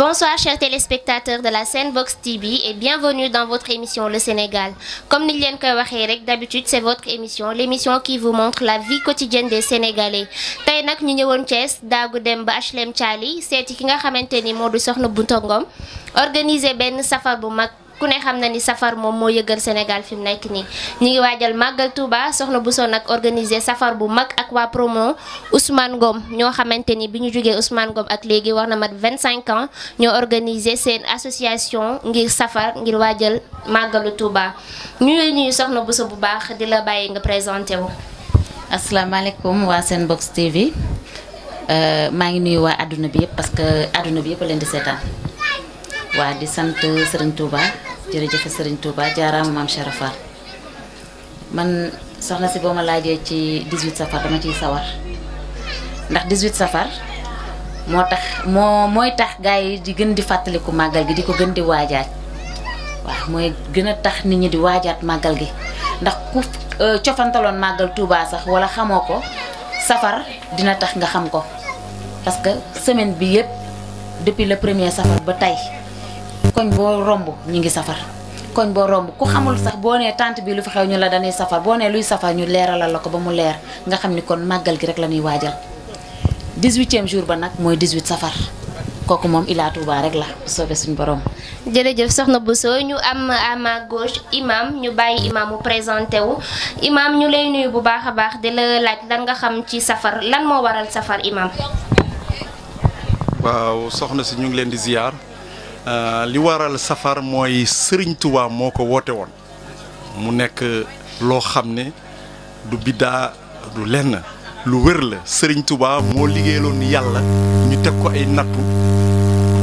Bonsoir chers téléspectateurs de la scène Box TV et bienvenue dans votre émission Le Sénégal. Comme nous l'avons dit d'habitude c'est votre émission, l'émission qui vous montre la vie quotidienne des Sénégalais. tey nag ñu ñëwoon Thiès daagu dem ba HLM Thiali nga soxna bu ku ne xamna ni safar mom mo yeugal senegal fim nek ni nii ñi ngi waajal magal touba soxna bu nak organiser safar bu mag ak wa promo ousmane ngom ño xamanteni ni bi ousmane ngom ak léegi war mat 25 ans ño organiser sen association ngir safar ngir waajal màggalu touba ñu lay ñuy soxna bu bu baax di la baye nga présenter wu wa sen box tv euh ma ngi nuyu wa aduna bi yepp parce que aduna bi yepp len di wa di sante serigne touba jërëjëf serigne Touba jaaram mam sharafa man soxna ci boma laaje ci 18 safar dama ci sawar ndax 18 safar motax mo moy tax gaay di gën di fàttaliku magal gi diko gën di wajjat waaw moy gëna tax nit ñi di wajjat magal gi ndax ku euh, ciofantalon magal Touba sax wala xamoko safar dina tax nga xam ko parce que semaine bi yépp depuis le premier safar ba tay koñ boo romb ñu ngi safar koñ boo romb ku xamul sax boo nee tante bi lu fi xew ñu la dañuy safar boo nee luy safar ñu leeralal la ko ba mu leer nga xam ni kon màggal gi rek la ñuy waajal 18 jour ba nag mooy 18 safar. kooku moom Ila Touba rek la bu soobee suñu borom. jërëjëf soxna Bousso ñu am à ma gauche imaam ñu bàyyi imam mu présenté wu imam ñu lay nuyu bu baax a baax di laaj lan nga xam ci safar lan moo waral safar imam. waaw soxna si ñu ngi leen di ziar. Euh, li waral safar mooy Sëriñ Tuubaa moo ko woote woon mu nekk loo xam ne du biddaa du lenn lu wér la Sëriñ Tuubaa moo liggéeyaloon yàlla ñu teg ko ay nattu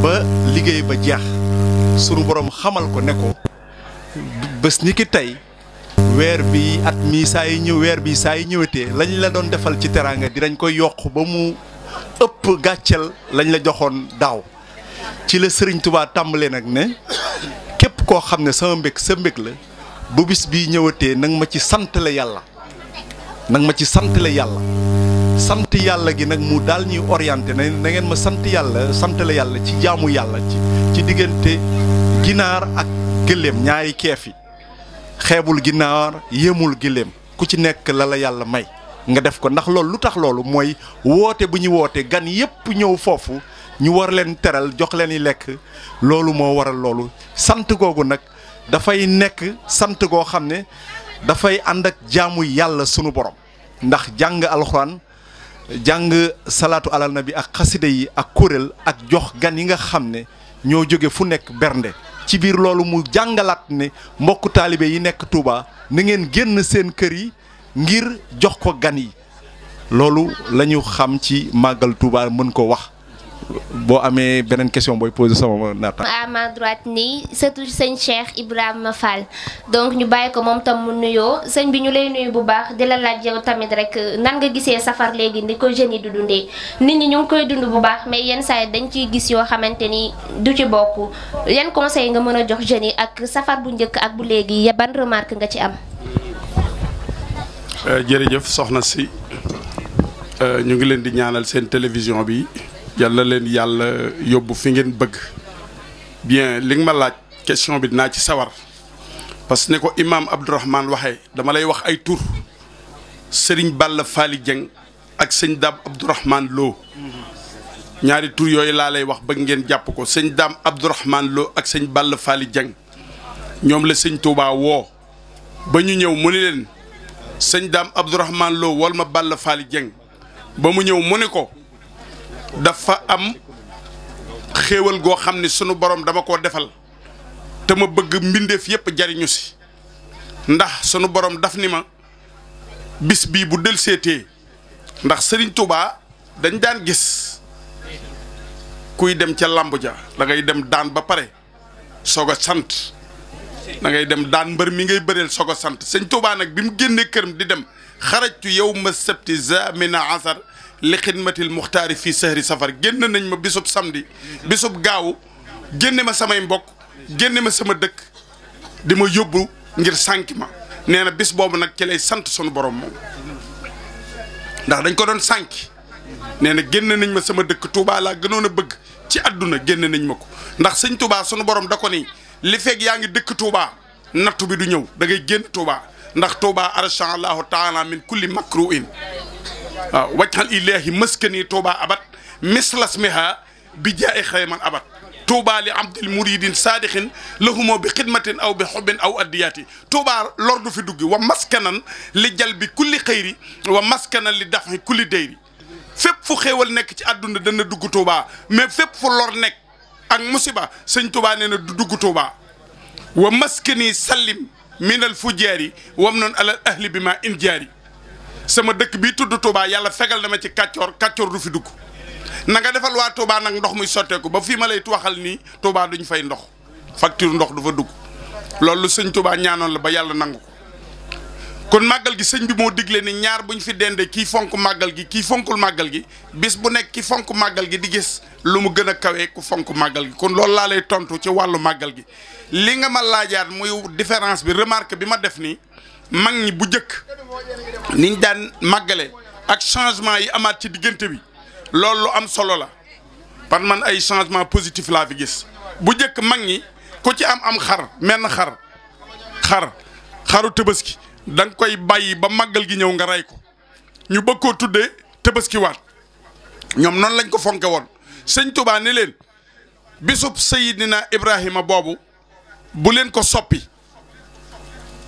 ba liggéey ba jeex sunu borom xamal ko ne ko bés ni ki tey weer bi at mi saa yi ñëw weer bi saa yi ñëwatee lañ la doon defal ci teraanga dinañ koy yokk ba mu ëpp gàcceel lañ la joxoon daaw ci la sëriñ tubaa tàmbalee nag ne képp koo xam ne sama mbég sa mbég la bu bis bii ñëwatee nag ma ci santale yàlla nag ma ci sant yàlla sant yàlla gi nag mu daal ñuy orienté na na ma sant yàlla sant yàlla ci jaamu yàlla ci ci diggante ginaar ak gëléem ñaari keef yi xeebul ginaar yéemul gëléem ku ci nekk la la yàlla may nga def ko ndax loolu lu tax loolu mooy woote bu ñu woote gan yépp ñëw foofu ñu war leen teral jox leen yi lekk loolu moo waral loolu sant googu nag dafay nekk sant goo xam ne dafay ànd ak jaamu yàlla sunu borom ndax jàng alxuraan jàng salaatu alal nabi ak xasida yi ak kuréel ak jox gan yi nga xam ne ñoo jóge fu nekk bernde ci biir loolu mu jàngalaat ne mbokku taalibe yi nekk Touba na ngeen génn seen kër yi ngir jox ko gan yi loolu lañu xam ci màggal Touba mën ko wax boo amee beneen question booy posé sama naata. à ma droite nii sëtu sëñ Cheikh Ibrahima Fall donc ñu bàyyi ko moom tam mu nuyoo sëñ bi ñu lay nuyu bu baax di la laaj yow tamit rek euh, nan nga gisee safar léegi ni ko jeunes yi di dundee nit ñi ñu ngi koy dund bu baax mais yenn saay yi dañ ciy gis yoo xamante ni du ci bokk yan conseil nga mën a jox jeunes yi ak safar bu njëkk ak bu léegi ya ban remarque nga ci am. Euh, jërëjëf soxna si euh, ñu ngi leen di ñaanal seen télévision bi. yal leen yàlla yóbbu fi ngeen bëgg bien li nga ma laaj question bi dinaa ci sawar parce que ne ko imaam Abdourahmane waxee dama lay wax ay tur sëriñ Balla Faly jeng ak sëñ Dame Abdourahmane Lo ñaari tur yooyu laa lay wax bëgg ngeen jàpp ko sëñ Dame Abdourahmane Lo ak sëñ Balla Faly jeng ñoom la sëñ Touba woo ba ñu ñëw mu ne leen sëñ Dame Abdourahmane Lo wal ma Balla Faly Dieng ba mu ñëw mu ne ko dafa am xewal go xamni ni sunu borom dama ko defal te ma bëgg mbindef yépp jariñu si ndax sunu borom daf ni ma bis bi bu del sété ndax sëriñ Touba dañ daan gis kuy dem ci làmb ja da ngay dem daan ba paré soga a sant da ngay dem daan mbeur mi ngay bëreel soga a sant sëñ Touba nak bimu génné kërëm di dem xarajtu yow ma sebti zamina asar li xidmatil muxtaari fii sahri safar génn nañ ma bisub samedi bisub gaaw génne ma samay mbokk génne ma sama dëkk di ma yóbbu ngir sànki ma nee na bis boobu nag ci lay sant sunu borom moom ndax dañ ko doon sànki nee na génne nañ ma sama dëkk Touba laa gënoon a bëgg ci àdduna génne nañ ma ko ndax sëñ Touba sunu borom da ko ni li feeg yaa ngi dëkk Touba nattu bi du ñëw da ngay génn Touba ndax Touba arachan allahu taala min kulli makruin wajhal ilahi maskani touba abat mislas miha bi jaay xayman abat touba li abdil muridin sadixin lahumo bi xidmatin aw bi xubbin aw addiyati touba lor du fi duggi wa maskanan li jalbi kulli xëyri wa maskanan li dafi kulli dayri fépp fu xéewal nekk ci àdduna dana dugg touba mais fépp fu lor nekk ak musiba sëñ touba nee na du dugg touba wa maskani sallim min al fujaari wam noon alal ahli bi ma in jaari sama dëkk bii tudd Touba yàlla fegal na ma ci kàccoor kàccoor du fi dugg na nga defal waa Touba nag ndox muy sotteeku ba fii ma lay waxal nii Touba duñ fay ndox facture ndox du fa dugg loolu sëñ Touba ñaanoon la ba yàlla nangu ko kon màggal gi sëñ bi moo digle ni ñaar bu ñu fi dendee kii fonk màggal gi kii fonkul màggal gi bis bu nekk ki fonk màggal gi di gis lu mu gën a kawee ku fonk màggal gi kon loolu laa lay tontu ci wàllu màggal gi li nga ma laajaat muy différence bi remarque bi ma def nii. mag ñi bu jëkk niñ daan màggale ak changement yi amaat ci diggante bi loolu lu am solo la par man ay changement positif laa fi gis bu jëkk mag ñi ku ci am am xar menn xar xar xaru tëbaski da koy bàyyi ba màggal gi ñëw nga rey ko ñu bëgg koo tuddee tëbaski waat ñoom noonu lañ ko fonke woon sëñ Touba ne leen bisub Seydina Ibrahima boobu bu leen ko soppi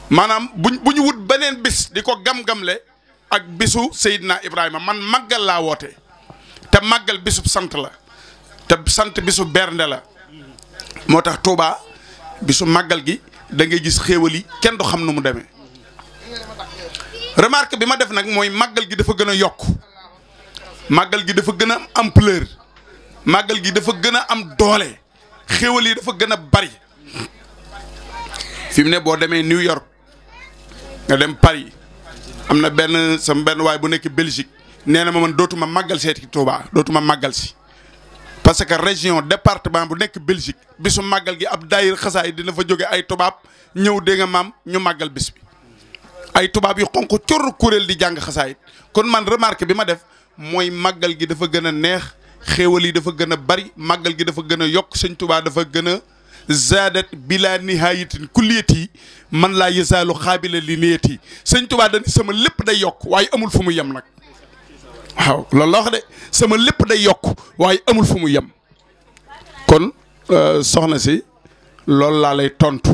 maanaam buñ bu ñu wut beneen bis di ko gam-gamle ak bisu Seydina Ibrahima man màggal laa woote te màggal bisu sant la te sant bisu bernde la moo tax Touba bisu màggal gi dangay gis xéewal yi kenn du xam nu mu demee remarque bi ma def nag mooy màggal gi dafa gën a yokk màggal gi dafa gën a am ampleur màggal gi dafa gën a am doole xéewal yi dafa gën a bari fi mu ne boo demee New York nga dem Paris am na benn sama benn waay bu nekk Belgique nee na ma man dootuma màggal seeti Touba dootuma màggal si. parce que région département bu nekk Belgique bisu màggal gi ab daayir xasaay dina fa jóge ay tubaab ñëw dégg nga maam ñu màggal bis bi ay tubaab yu xonq cor kuréel di jàng xasaayit kon man remarque bi ma def mooy màggal gi dafa gën a neex xéewal yi dafa gën a bari màggal gi dafa gën a yokk sëñ Tuubaa dafa gën a zaadat bila nihayatin kulliyati man laa yasaalu xaabila li niyati sëñ Tuubaa dañ sama lépp day yokk waaye amul fu mu yem nag waaw loolu la wax de sama lépp day yokk waaye amul fu mu yem kon soxna si loolu laa lay tontu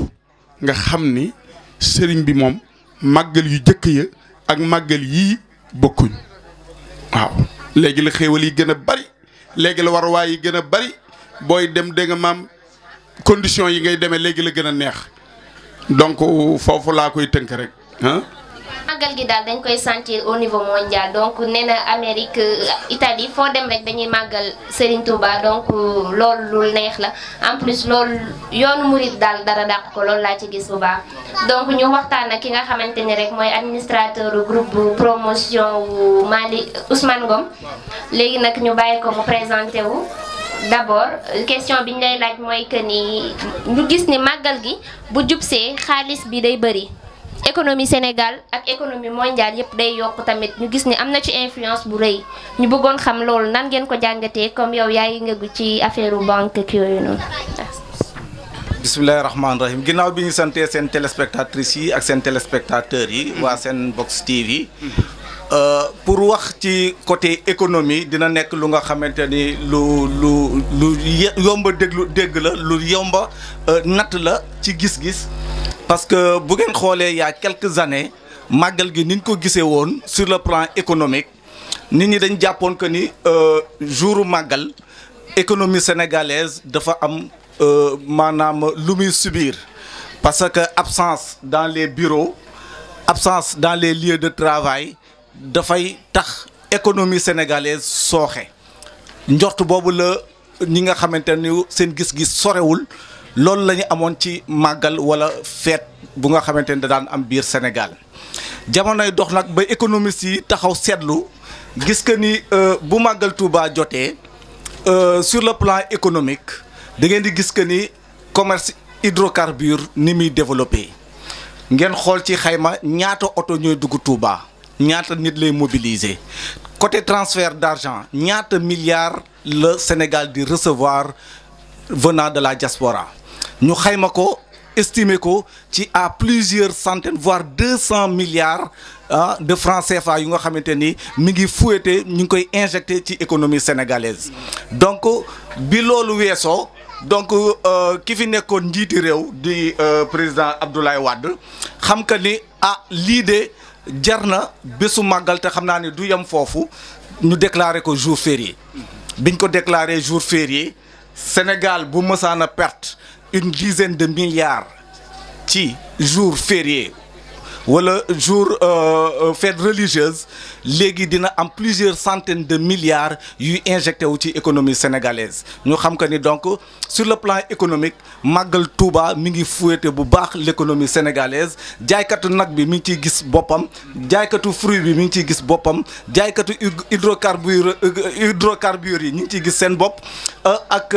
nga xam ni sëriñ bi moom màggal yu jëkk ya ak màggal yii bokkuñ waaw léegi la xéewal yi gën a bari léegi la waruwaay yi gën a bari booy dem dégg nga maam condition yi ngay deme léegi la gën a neex donc foofu laa koy tënk rek màggal gi daal dañ koy sentir au niveau mondial donc nee na Amérique euh, Italie foo dem rek dañuy màggal Serigne Touba donc loolu lu neex la en plus loolu yoonu murit daal dara dàq ko loolu laa ci gis bu baax. donc ñu waxtaan ak ki nga xamante ni rek mooy administrateur groupe promotion wu Mali Ousmane Ngom léegi nag ñu bàyyi ko mu présenté wu. d'abord question bi ngay laaj mooy que nii ñu gis ni màggal gi bu jubsee xaalis bi day bëri économie Sénégal ak économie mondiale yëpp day yokk tamit ñu gis ni am na ci influence bu rëy ñu bëggoon xam loolu nan ngeen ko jàngatee comme yow yaay ngegu ci affaire banque ak yooyu noonu. bisimilahi rahmaani rahim ginnaaw bi ñu santee seen téléspectatrices yi ak seen téléspectateurs yi. waa seen box TV. Euh, pour wax ci côté économie dina que lu nga lu parce que il y a quelques années sur le plan économique nit dañ que ni euh, économie sénégalaise dafa am euh, lu subir parce que absence dans les bureaux absence dans les lieux de travail dafay tax économie sénégalaise sooxe njort boobu la ñi nga xamante ni seen gis-gis sorewul loolu la ñu amoon ci màggal wala feet bu nga xamante ni da daan am biir Sénégal jamonoy dox nag ba économie si taxaw seetlu gis que ni euh, bu màggal Touba jotee euh, sur le plan économique da ngeen di gis que ni commerce hydrocarbure ni muy développé ngeen xool ci xayma ñaata oto ñooy dugg Touba. ñaata nit lay mobiliser côté transfert d'argent ñaata milliards le Sénégal di recevoir venant de la diaspora ñu xayma ko ko ci à plusieurs centaines voire 200 milliards ah, de francs CFA yu nga xamanteni ni mi ngi ñu koy injecté ci économie sénégalaise donc bi qui wesso donc euh, ki fi nekkoon di euh, président Abdoulaye Wade xam que ni ah, jar na bésu màggalte xam naa ne du yem foofu ñu déclaré ko jour férié biñ ko déclarer jour férié Sénégal bu mësaan a perte une dizaine de milliards ci jour férié le jour euh, euh, fête religieuse légui dina am plusieurs centaines de milliards yu injecté wu ci économie sénégalaise Nous xam que donc sur le plan économique magal Touba mi ngi fouetté bu baax l'économie sénégalaise sénégalaise jaaykatu nak bi mi ngi gis bopam boppam jaaykatu fruit bi mi ngi gis bopam boppam hydrocarbure hydrocarbures yi ñu ngi ciy gis seen euh, ak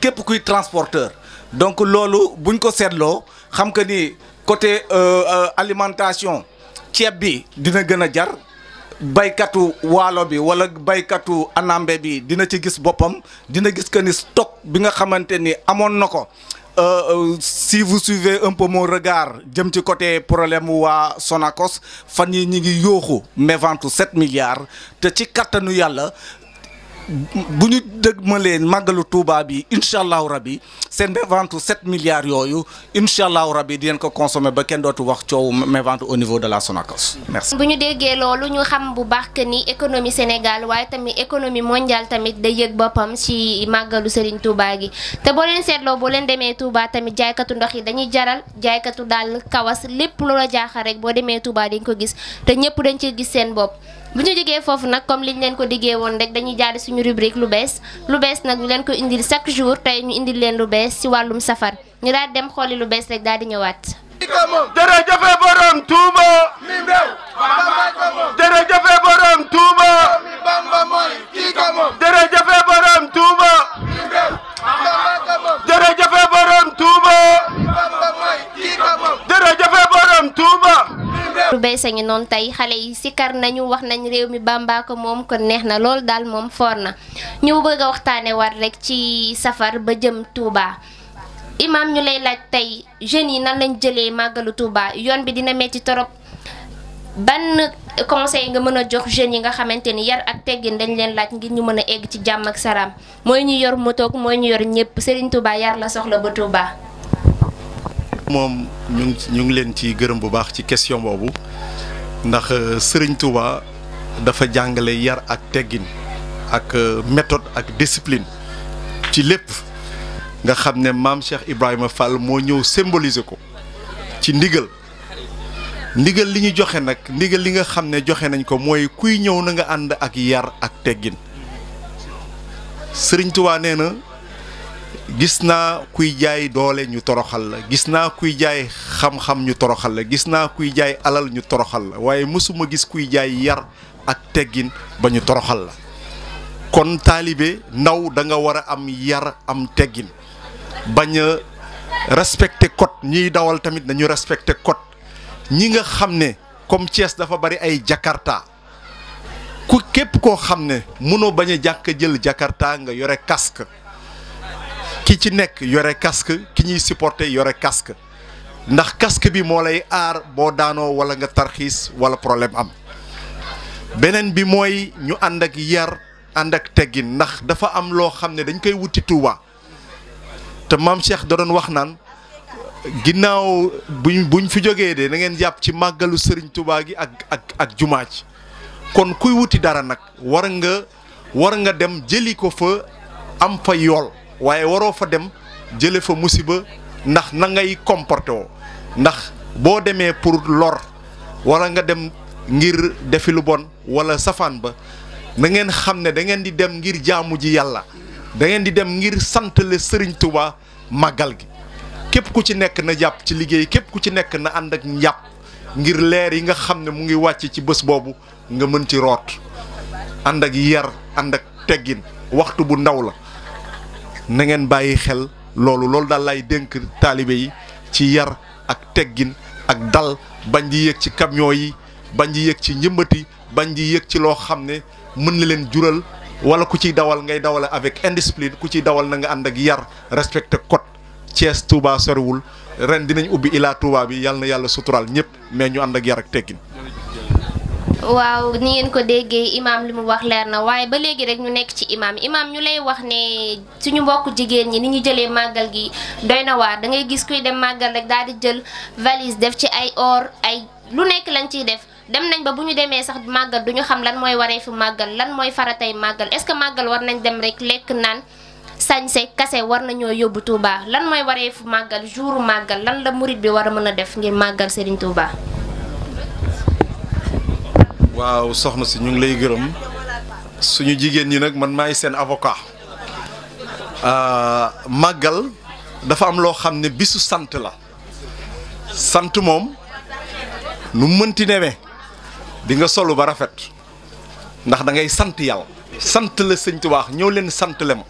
kep kuy transporteur donc lolu buñ ko Nous xam que ni côté euh, euh, alimentation ceeb bi dina gëna jar baykatu waalo bi wala baykatu anambe bi dina ci gis bopam dina gis que ni stock bi nga xamanteni ni nako euh, si vous suivez un peu mon regard jëm ci côté problème wa Sonacos fan yi ñi ngi yooxu mais vente sept milliards te ci bu ñu dëgg ma leen màggalu Touba bi incha allahu rabi seen mévente sept milliards yooyu incha allahu rabi di leen ko consommer ba kenn dootu wax coow mévente au niveau de la Sonacos merci. bu ñu déggee loolu ñu xam bu baax que ni économie Sénégal waaye tamit économie mondiale tamit day yëg boppam ci màggalu Serigne Touba gi te boo leen seetloo boo leen demee Touba tamit jaaykatu ndox yi dañuy jaral jaaykatu daal kawas lépp loola jaaxal rek boo demee Touba dañ ko gis te ñëpp dañu ci gis seen bopp. bu ñu jógee foofu nag comme liñ leen ko diggee woon rek dañuy jaari suñu rubrique lu bees lu bees nag ñu leen ko indil chaque jour tey ñu indil leen lu bees ci wàllum safar ñu daal dem xooli lu bees rek daal di ñëwaat. jërëjëf borom Tuuba sa noonu tey xale yi sikar nañu wax nañ réew mi bàmbaako moom kon neex na loolu daal moom foor na ñu bëgg a waxtaane war rek ci safar ba jëm Touba. Imaam ñu lay laaj tey jeunes yi nan lañ jëlee màggalu Touba yoon bi dina metti torop ban conseil nga mën a jox jeunes yi nga xamante ni yar ak teggin dañ leen laaj ngir ñu mën a egg ci jàmm ak salaam mooy ñu yor moto mooy ñu yor ñëpp Serigne Touba yar la soxla ba Touba. moom ñu ñu ngi leen ci gërëm bu baax ci question boobu. ndax euh, sëriñ Touba dafa jàngale yar ak teggin ak euh, méthode ak disipline ci lépp nga xam ne maam Cheikh Ibrahima Fall moo ñëw symboliser ko ci ndigal ndigal li ñu joxe nag ndigal li nga xam ne joxe nañ ko mooy kuy ñëw na nga ànd ak yar ak teggin sëriñ nee na. gis naa kuy jaay doole ñu toroxal la gis naa kuy jaay xam-xam ñu toroxal la gis naa kuy jaay alal ñu toroxal la waaye mësuma gis kuy jaay yar ak teggin ba ñu toroxal la kon taalibe ndaw danga war a am yar am teggin bañ a respecté code ñuy dawal tamit nañu respecté code ñi nga xam ne comme Thiès dafa bari ay Jakarta ku képp koo xam ne mënoo bañ a jàkk jël Jakarta nga yore casque ki ci nekk yore casque ki ñuy supporter yore casque ndax casque bi moo lay aar boo daanoo wala nga tarxiis wala problème am beneen bi mooy ñu ànd ak yar ànd ak teggin ndax dafa am loo xam ne dañ koy wuti Touba te maam Cheikh da wax naan ginnaaw buñ buñ fi jógee de na ngeen jàpp ci màggalu Serigne Touba gi ak ak ak jumaa ji kon kuy wuti dara nag war nga war nga dem jëli ko fa am fa yool waaye waroo fa dem jële fa musiba ndax na ngay comporté woo ndax boo demee pour lor wala nga dem ngir defilu bon wala safaan ba na ngeen xam ne da ngeen di dem ngir jaamu ji yàlla da ngeen di dem ngir santale sëriñ màggal gi képp ku ci nekk na jàpp ci liggéey képp ku ci nekk na ànd ak njàpp ngir leer yi nga xam ne mu ngi wàcc ci bés boobu nga mën ci root ànd ak yar ànd ak teggin waxtu bu ndaw la na bàyyi xel loolu loolu daal lay dénk taalibe yi ci yar ak teggin ak dal bañ di yéeg ci camion yi bañ di yéeg ci njëmbati bañ di yéeg ci loo xam ne mën na leen jural wala ku ciy dawal ngay dawale avec indiscipline ku ciy dawal na nga ànd ak yar respecté code Thiès Touba sorewul ren dinañ ubbi ilaa Touba bi yàlla na yàlla suturaal ñëpp mais ñu ànd ak yar ak teggin. waaw ni ngeen ko déggee imaam li mu wax leer na waaye ba léegi rek ñu nekk ci imaam imaam ñu lay wax ne suñu mbokk jigéen ñi ni ñu jëlee màggal gi doy na waar da ngay gis kuy dem màggal rek daal di jël valise def ci ay or ay lu nekk lañ ciy def. dem nañ ba bu ñu demee sax màggal du ñu xam lan mooy waree fi màggal lan mooy faratay màggal est-ce que màggal war nañ dem rek lekk naan. sañse kase war nañoo yóbbu Touba lan mooy wareefu màggal jouru màggal lan la murit bi war a mën a def ngir màggal Serigne Touba. waaw soxna si ñu ngi lay gërëm suñu jigéen ñi nag man maay seen avocat ah, màggal dafa am loo xam ne bisu sant la sant moom nu mënti newee di nga solu ba rafet ndax dangay sant yàlla sant la sëñ Tuubaa ñëw leen sant le ma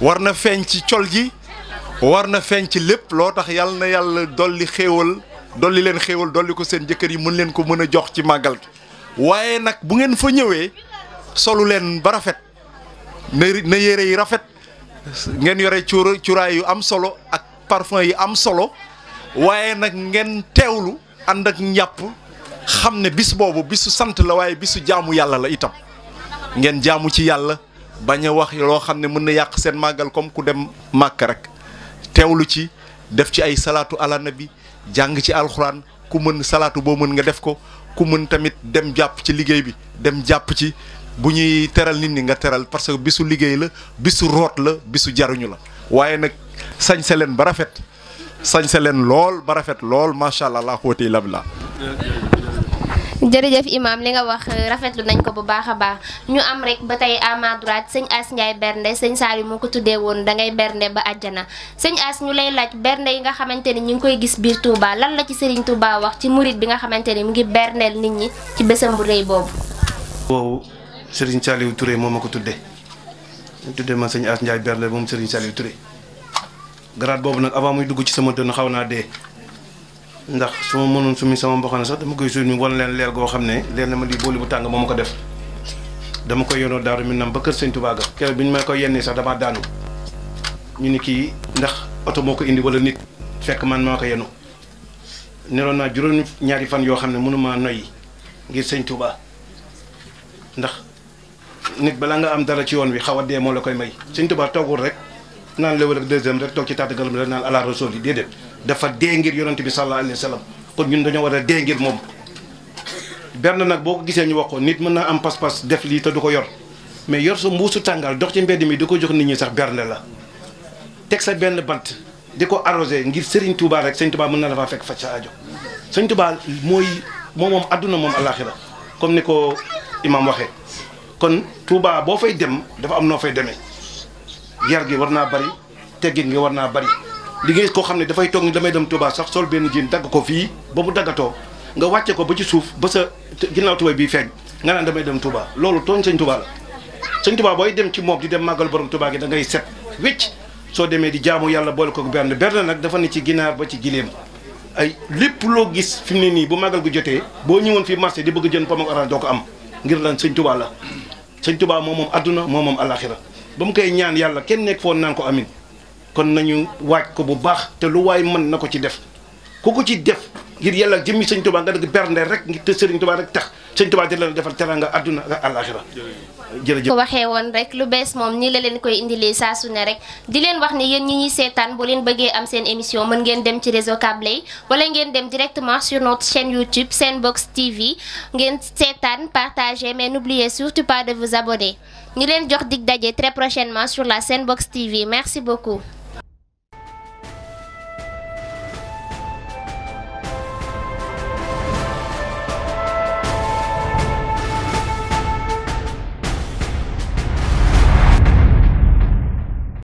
war na feeñ ci col ji war na feeñ ci lépp loo tax yàlla na yàlla dolli xéewal dolli leen xéewal dolli ko seen jëkkër yi mën leen ko mën a jox ci màggal gi waaye nag bu ngeen fa ñëwee solu leen ba rafet na na yére yi rafet ngeen yore cuura cuuraay yu am solo ak parfum yi am solo waaye nag ngeen teewlu ànd ak njàpp xam ne bis boobu bisu sant la waaye bisu jaamu yàlla la itam ngeen jaamu ci yàlla bañ a wax loo xam ne mën na yàq seen màggal comme ku dem màkk rek teewlu ci def ci ay salaatu ala bi jàng ci alxuraan ku mën salaatu boo mën nga def ko ku mën tamit dem jàpp ci liggéey bi dem jàpp ci bu ñuy teral nit ñi nga teral parce que bisu liggéey la bisu root la bisu jaruñu la waaye nag sañ sañse leen ba rafet sañ sañse leen lool ba rafet lool macha allah laa xóotee lab la jërëjëf imam li nga wax rafetlu nañ ko bu baax baax ñu am rek ba tey à seigne As Ndiaye bernde seigne Saliou moo ko tuddee woon da ngay bernde ba àjjana seigne As ñu lay laaj bernde yi nga xamante ni ñu ngi koy gis biir Touba lan la ci Serigne Touba wax ci murit bi nga xamante ni mu ngi berndeel nit ñi ci bésam bu rëy boobu. Serigne Touré moo ma ko ma seigne As Ndiaye bernde moom Serigne Saliou Touré grade boobu nag avant muy dugg ci sama dënn xaw naa ndax su ma mënoon sumi sama mboxane sax dama koy sumi wan leen leer goo xam ne leer na ma lii booli bu tàng moo ma ko def dama koy yónnoo Daaru nam ba kër Sëñ Tuubaa ga keroog bi ñu may koy yenni sax damaa daanu ñu ni kii ndax oto moo ko indi walla nit fekk man maa ko yenu neloon naa juróom ñaari fan yoo xam ne mënumaa noyyi ngir Sëñ Tuubaa ndax nit balaa nga am dara ci yoon wi xaw a dee moo la koy may Sëñ Tuubaa toogul rek naan léwal ak deuxième rek toog ci taata galam rek naan ala dafa dengir ngir bi sallallahu alaihi wasallam sallam kon ñun dañu wara dengir mom. ben nak boko gisee ñu waxo nit mëna am pas pass def li te duko yor mais yor so mbusu tangal dox ci mbedd mi di jox nit ñi sax bernde la tek sa ben bant diko arroser ngir Serigne Touba rek Serigne Touba mëna la fa fek faj sa Serigne Touba moy moom comme niko imam waxe kon Touba bo fay dem dafa am no fay demé yar gi warna bari teggin gi warna bari di nga gis koo xam ne dafay toog ni damay dem tubaa sax sol benn jiin dagg ko fii ba mu daggatoo nga wàcce ko ba ci suuf ba sa ginnaaw Touba bi feeñ nga naan damay dem tubaa loolu tooñ sëñ Touba la sëñ Touba booy dem ci moom di dem màggal borom Touba gi da set wécc soo demee di jaamu yàlla boole ko berne berne nag dafa ne ci ginaar ba ci gileem ay lépp loo gis fi mu ne nii bu màggal gu jotee boo ñëwoon fii marché di bëgg jënd pomme ak orange doo ko am ngir lan sëñ Touba la sëñ Touba moo moom adduna moo moom alaxira ba mu koy ñaan yàlla kenn nekk foon naan ko amin kon nañu wacc ko bu baax te lu way man nako ko ci def ku ko ci def ngir yàlla jëmmi sëñ touba nga deug bernde rek ngir te sëriñ touba rek tax sëñ touba di defal teranga aduna ak ko won rek lu bes mom ni la leen koy indilé sa su ne rek di leen wax ni yeen ñi ñi seetaan bu leen bëggé am seen émission mën ngeen dem ci réseau câble wala ngeen dem directement sur notre chaîne YouTube Sandbox TV ngeen seetaan partager mais n'oubliez surtout pas de vous abonner ñu leen jox dig dajé très prochainement sur la Sandbox TV merci beaucoup